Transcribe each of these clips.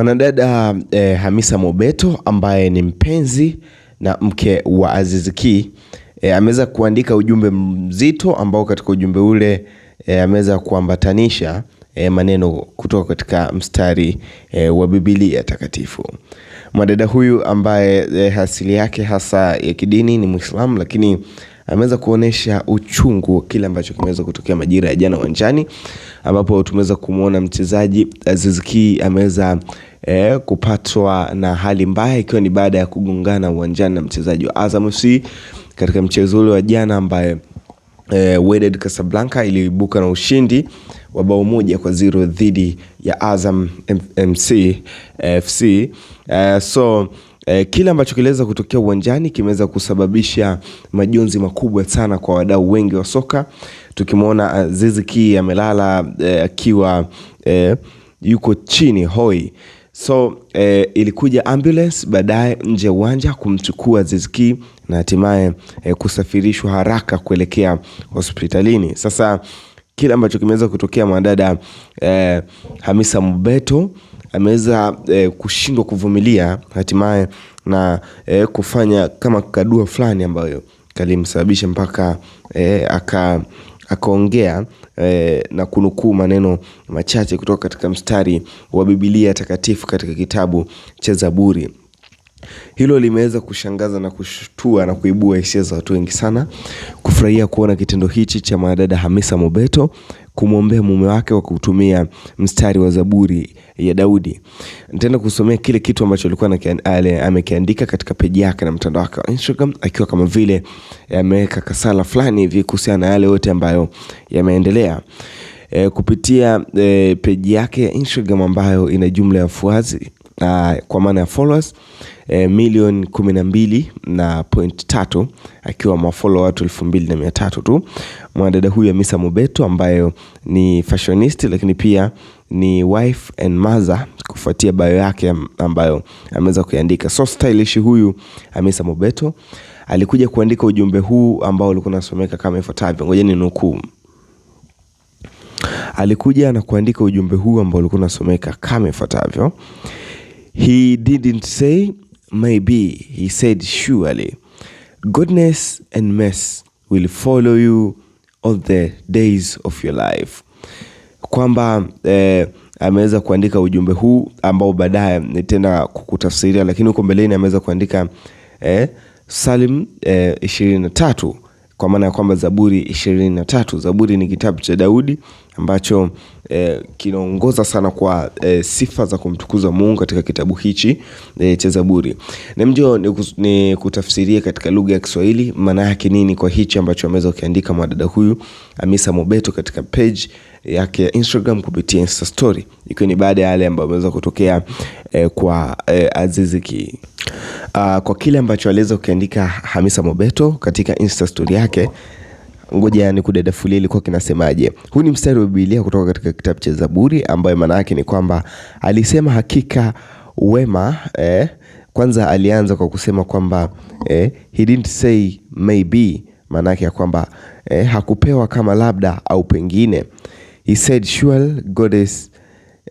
Mwanadada eh, Hamisa Mobeto ambaye ni mpenzi na mke wa aziziki Ki eh, ameweza kuandika ujumbe mzito ambao katika ujumbe ule eh, ameweza kuambatanisha eh, maneno kutoka katika mstari eh, wa Biblia takatifu. Mwanadada huyu ambaye eh, asili yake hasa ya kidini ni Muislamu lakini ameweza kuonyesha uchungu wa kile ambacho kimeweza kutokea majira ya jana uwanjani, ambapo tumeweza kumwona mchezaji Aziz eh, Ki ameweza eh, kupatwa na hali mbaya ikiwa ni baada ya kugongana uwanjani na mchezaji wa Azam FC katika mchezo ule wa jana ambaye eh, Wydad Casablanca iliibuka na ushindi wa bao moja kwa zero dhidi ya Azam MC FC. eh, so E, kile ambacho kiliweza kutokea uwanjani kimeweza kusababisha majonzi makubwa sana kwa wadau wengi wa soka, tukimwona Azizi eh, Ki amelala eh, akiwa e, yuko chini hoi. So e, ilikuja ambulance baadaye nje ya uwanja kumchukua Azizi Ki na hatimaye e, kusafirishwa haraka kuelekea hospitalini. Sasa kile ambacho kimeweza kutokea mwanadada e, Hamisa Mobeto ameweza e, kushindwa kuvumilia hatimaye na e, kufanya kama kadua fulani ambayo kalimsababisha mpaka e, aka akaongea e, na kunukuu maneno machache kutoka katika mstari wa Biblia takatifu katika kitabu cha Zaburi. Hilo limeweza kushangaza na kushtua na kuibua hisia za watu wengi sana, kufurahia kuona kitendo hichi cha mwanadada Hamisa Mobeto kumwombea mume wake kwa kutumia mstari wa Zaburi ya Daudi. Nitaenda kusomea kile kitu ambacho alikuwa amekiandika katika peji yake na mtandao wake wa Instagram, akiwa kama vile ameweka kasala fulani hivi kuhusiana na yale yote ambayo yameendelea. E, kupitia e, peji yake ya Instagram ambayo ina jumla ya fuazi ah, kwa maana ya followers e, eh, milioni kumi na mbili na point tatu akiwa mafollow watu elfu mbili na mia tatu tu. Mwanadada huyu Hamisa Mobeto ambayo ni fashionist lakini pia ni wife and mother kufuatia bio yake ambayo ameweza kuiandika. So stylish huyu Hamisa Mobeto alikuja kuandika ujumbe huu ambao ulikuwa unasomeka kama ifuatavyo, ngoja ni nukuu. Alikuja na kuandika ujumbe huu ambao ulikuwa unasomeka kama ifuatavyo. He didn't say Maybe, he said surely, goodness and mercy will follow you all the days of your life. Kwamba eh, ameweza kuandika ujumbe huu ambao baadaye tena kukutafsiria, lakini huko mbeleni ameweza kuandika eh, Salim eh, ishirini na tatu kwa maana ya kwamba Zaburi ishirini na tatu. Zaburi ni kitabu cha Daudi ambacho eh, kinaongoza sana kwa eh, sifa za kumtukuza Mungu katika kitabu hichi eh, cha Zaburi. Nemjo ni kutafsirie katika lugha ya Kiswahili maana yake nini kwa hichi ambacho ameweza kuandika mwadada huyu Hamisa Mobeto katika page yake ya Instagram kupitia Insta story, ikiwa ni baada ya yale ambayo ameweza kutokea eh, kwa e, eh, Aziziki Uh, ah, kwa kile ambacho aliweza kukiandika Hamisa Mobeto katika Insta story yake ngoja ni kudedafulia ilikuwa kinasemaje. Huu ni mstari wa Biblia kutoka katika kitabu cha Zaburi, ambayo maana yake ni kwamba alisema hakika wema eh, kwanza alianza kwa kusema kwamba eh, he didn't say maybe, maana yake ya kwamba eh, hakupewa kama labda au pengine. He said sure God is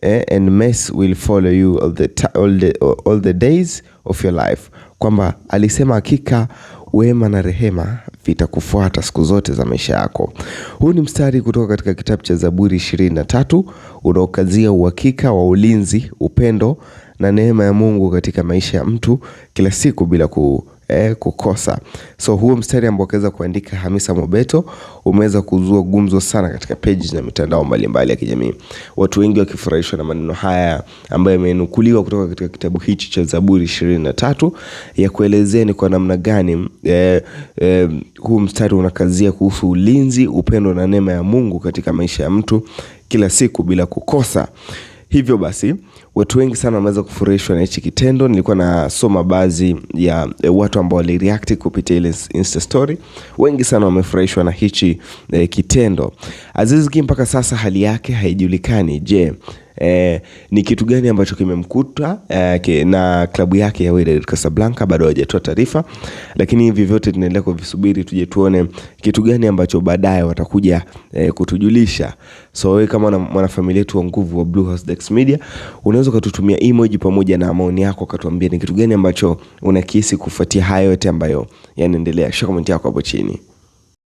eh, and mercy will follow you all the, all the, all the days of your life, kwamba alisema hakika wema na rehema vitakufuata siku zote za maisha yako. Huu ni mstari kutoka katika kitabu cha Zaburi ishirini na tatu unaokazia uhakika wa ulinzi, upendo na neema ya Mungu katika maisha ya mtu kila siku bila ku eh, kukosa. So huo mstari ambao akaweza kuandika Hamisa Mobeto umeweza kuzua gumzo sana katika peji na mitandao mbalimbali ya kijamii, watu wengi wakifurahishwa na maneno haya ambayo yamenukuliwa kutoka katika kitabu hichi cha Zaburi ishirini na tatu ya kuelezea ni kwa namna gani eh, eh, huu mstari unakazia kuhusu ulinzi, upendo na neema ya Mungu katika maisha ya mtu kila siku bila kukosa. Hivyo basi watu wengi sana wameweza kufurahishwa na hichi kitendo. Nilikuwa nasoma baadhi ya e, watu ambao walireact kupitia ile Insta story, wengi sana wamefurahishwa na hichi e, kitendo. Aziz Ki mpaka sasa hali yake haijulikani. Je, eh, ni kitu gani ambacho kimemkuta eh, ke, na klabu yake ya Wydad Casablanca? Bado hawajatoa taarifa, lakini hivi vyote tunaendelea kuvisubiri tuje tuone kitu gani ambacho baadaye watakuja eh, kutujulisha. So wewe kama mwanafamilia yetu wa nguvu wa Blue House Dax Media, unaweza ukatutumia emoji pamoja na maoni yako, katuambia ni kitu gani ambacho unakihisi kufuatia haya yote ambayo yanaendelea. Shika comment yako hapo chini.